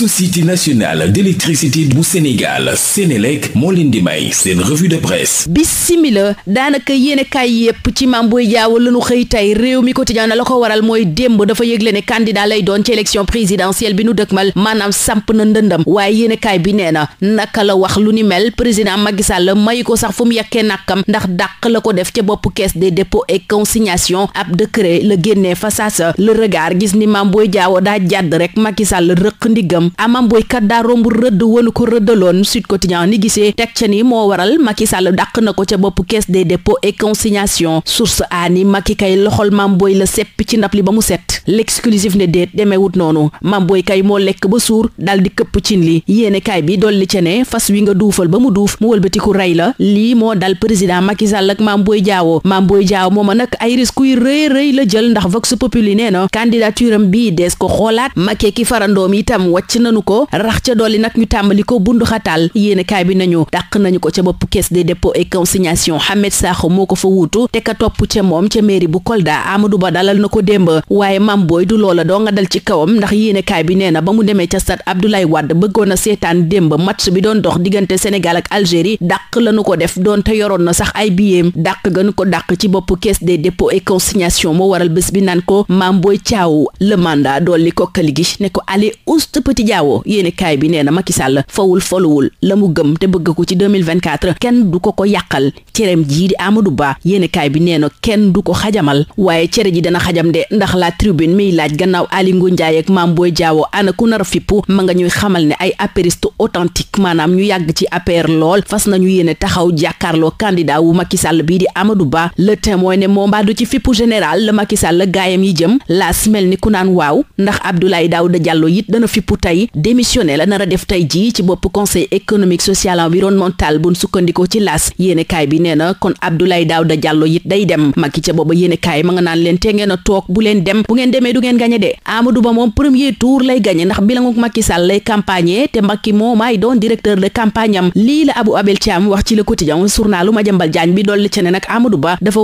société nationale d'électricité bu Sénégal Sénélec moo daanaka yéene yépp ci Mame Boye Diao la ñu xëy tey réew mi quotidien na la ko waral mooy démb dafa yëgle ne candidat lay doon ci élection présidentielle bi nu dëkmal maanaam samp na ndëndam waaye yéene bi nee na naka la wax lu ni mel président Macky Sall mayu ko sax fu mu yekkee nàkkam ndax dàq la ko def ca bopp caisse des dépôts et consignation ab décret la génnee fasaasa le regard gis ni Mame Boye daa jàdd rek Macky Sall am amam boykat daa romb rëdd wanu ko rëddaloon Sud Quotidien ni gise teg ca ni moo waral Macky Sall dàq na ko ca boppu kees de dépôts et consignation source a ni kay loxol mam boy la seppi ci ndab li ba mu set l'exclusif ne déet demeewut noonu mam booy kay moo lekk ba suur dal di këpp cin li yéene kaay bi dolli ca ne fas wi nga duufal ba mu duuf mu wëlbatiku rey la lii moo dal président Macky Sall ak mam booy jaawo mam booy jaawo mooma nag ay risques yu rëy rëy la jël ndax vox populi nee na candidature am bii dees ko xoolaat Macky ki farandoom itam wacc nañu ko rax ca dolli nag ñu tàmbali ko bundu xataal yéene bi nañu dàq nañu ko ca bopp caisse des dépôts et consignation Ahmed Sakho moo ko fa wuutu te ka topp ca moom ca mairie bu Kolda Amadou Ba dalal na ko démb Mam Boy du loola doo nga dal ci kawam ndax yéenekaay bi nee na ba mu demee ca stade Abdoulaye Wade bëggoon a seetaan démb match bi doon dox diggante Sénégal ak Algérie la lañu ko def doon te yoroon na sax ay billets dàq gënu ko daq ci bopp caisse de dépôts et consignation moo waral bés bi nan ko Mam Boy Thiaw le mandat dolli ko këli gi ne ko allez oust petit Diawo yéenekaay bi nee na Macky Sall fawul foluwul la mu gëm te bëgg ko ci 2024 kenn du ko ko yàqal cereem jii di Amadou Ba yéenekaay bi nee na kenn du ko xajamal waaye cere ji dana xajam la tribune miy laaj gannaaw Aly Ngouille Ndiaye ak Mame Boye ana ku nar a fippu ma nga ñuy xamal ne ay apériste authentique maanaam ñu yàgg ci APR lool fas nañu yéene taxaw jàkkaarloo candidat wu bii di Amadou Ba le témoin ne moo mbaadu ci fippu général la Macky Sall gaayam yi jëm laas mel ni ku naan waaw ndax Abdoulaye Daouda Diallo it dana fippu tey démissionné la nar a def tey jii ci bopp conseil économique social environnemental buñ sukkandikoo ci laas yéene kaay bi nee na kon Abdoulaye Daouda Diallo it a bu leen ngeen demee du ngeen gañe de Amadou Ba moom premier tour lay gañe ndax bilanguk Macky lay campagne te Macky moo maay doon directeur de campagne am lii la Abou Abel Thiam wax ci le quotidien journalu Madiambal Diagne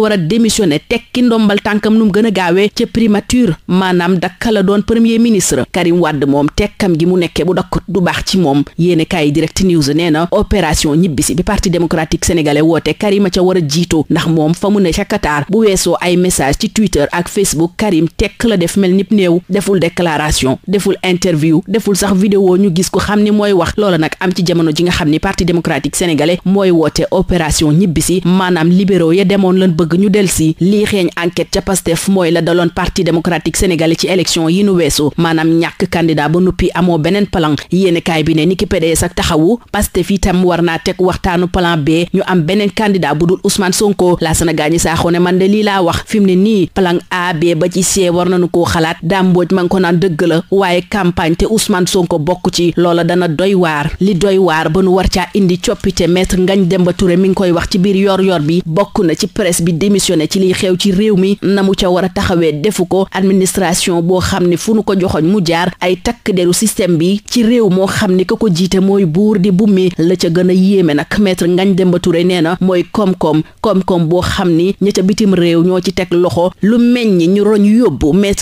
a démissionner tekki ndombal tànkam nu mu gën a gaawee ca primature maanaam dakka la doon premier ministre Karim Wade moom tekkam gi mu nekkee bu dakkut du baax ci moom yéene kaay direct news nee na ñibbisi bi parti démocratique sénégalais woote Karim a ca war a ndax moom fa mu ne ca bu weesoo ay message ci Twitter ak Facebook la def mel nip néew deful déclaration deful interview deful sax vidéo ñu gis ko xam ni mooy wax loola nag am ci jamono ji nga xam ni parti démocratique sénégalais mooy woote opération ñibbisi maanaam libéraux ya demoon lan bëgg ñu del si lii xeeñ enquête ca pastef mooy la daloon parti démocratique sénégalais ci élection yi nu weesu maanaam ñàkk candidat ba nuppi amoo beneen plan yéene kaay bi ne ni ki PDS ak taxawu pastef itam war naa teg waxtaanu plan B ñu am beneen candidat bu dul Ousmane Sonko laa sana gaañi saaxoo ne nii plan A B ba ci C war nañu waruñu koo xalaat Dame Mbodj ma ngi ko naan dëgg la waaye campagne te Ousmane Sonko bokk ci loola dana doy waar li doy waar ba nu war caa indi coppite maître Ngagne Demba Touré mi nga koy wax ci biir yor yor bi bokk na ci presse bi démissionné ci liy xew ci réew mi na mu ca war a taxawee defu ko administration boo xam ne fu nu ko joxoñ mu jaar ay takk deru système bi ci réew moo xam ni ka ko jiite mooy buur di bu mi la ca gën a yéeme nag maître Ngagne Demba Touré nee na mooy koom-koom koom-koom boo xam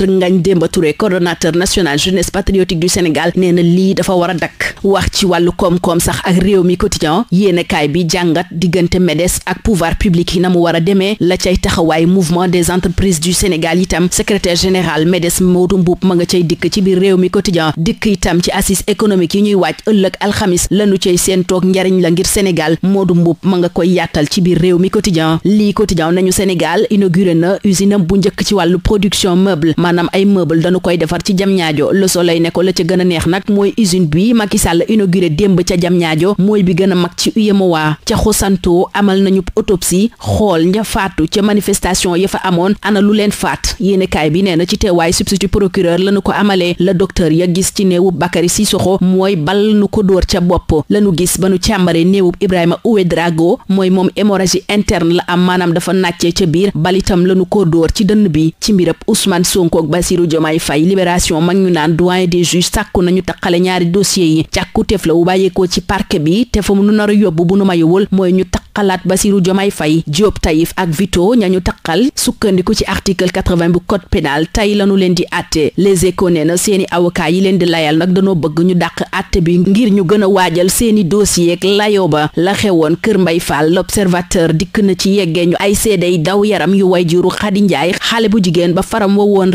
maître Ngagne Demba Touré coordonnateur national jeunesse patriotique du Sénégal nee na lii dafa war a dakk wax ci wàllu koom-koom sax ak réew mi quotidien yéenekaay bi jàngat diggante MEDES ak pouvoir publique yi na mu war a demee la cay taxawaay mouvement des entreprises du Sénégal itam secrétaire général MEDES Modou Mboup ma nga cay dikk ci biir réew mi quotidien dikk itam ci assise économique yi ñuy wàcc ëllëg alxamis lanu cay seen toog njariñ la ngir Sénégal Modou Mboup ma nga koy yaatal ci biir réew mi quotidien lii quotidien nañu Sénégal inauguré na usine bu njëkk ci wàllu production meuble maanaam ay meuble dañu koy defar ci jam ñaajo le soleil ne ko la ca gën a neex nag mooy usine bi Macky Sall inauguré démb ca jam ñaajo mooy bi gën a mag ci UEMOA ca Xosanto amal nañu autopsie xool ña faatu ca manifestation ya fa amoon ana lu leen faat yéenekaay bi nee na ci teewaay substitut procureur lañu ko amalee la docteur ya gis ci néewu Bakary Sissoko mooy bal nu ko dóor ca bopp lañu gis banu nu càmbare néewub Ibrahima Uwe Drago mooy moom hémorragie interne la am maanaam dafa nàccee ca biir balitam lañu ko dóor ci dënn bi ci mbirab Ousmane Sonko Sonko ak Bassirou Diomaye Faye libération mag ñu naan doyen des juges sàkku nañu taqale ñaari dossiers yi càkku teef la wu bàyyeekoo ci parquet bi te fa mu nar a yóbbu bu nu ma yowul mooy ñu taqalaat Bassirou Diomaye Faye Diop Taïf ak Vito ñañu taqal sukkandiku ci article 80 bu code pénal tey lañu leen di àtte les échos na seeni avocat yi leen di layal nag dañoo bëgg ñu dàq àtte bi ngir ñu gën a waajal seeni dossier ak ba la xewoon Kër Mbay Fall l'observateur dikk na ci yeggee ñu ay seede yi daw yaram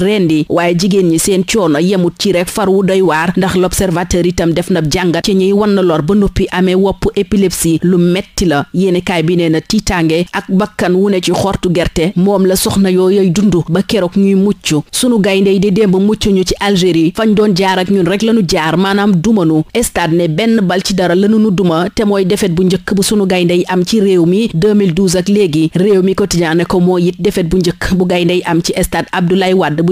rendi waaye jigéen ñi seen coono yemut ci rek farwu doy waar ndax l'observateur itam def na jàngat ci ñuy wan na lor ba noppi amee wopp épilepsie lu metti la yéenekaay bi nee na tiitaange ak bakkan wu ne ci xortu gerte moom la soxna yooyoy dund ba keroog ñuy mucc sunu gaynde gayndey di démb mucc ñu ci Algérie fañ doon jaar ak ñun rek lañu jaar maanaam duma nu stade ne benn bal ci dara lanu nu duma te mooy defet bu njëkk bu sunu yi am ci réew mi 2012 ak léegi réew mi quotidien ne ko moo it bu njëkk bu gayndey am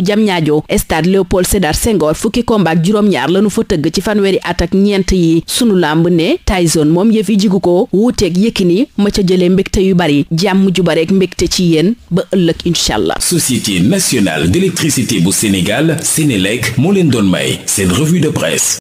jam Diamniadio stade Léopold Sédar Senghor fukki combat ak juróom-ñaar lanu fa tëgg ci fanweeri at ak ñeent yi sunu làmb ne Tyson moom yëf fi jigu ko wuuteeg Yékini ma ca jëlee mbégte yu bari jàmm ju bareek mbégte ci yéen ba ëllëg incha allah. Société nationale d'électricité bu Sénégal Sénélec moo leen doon may seen revue de presse.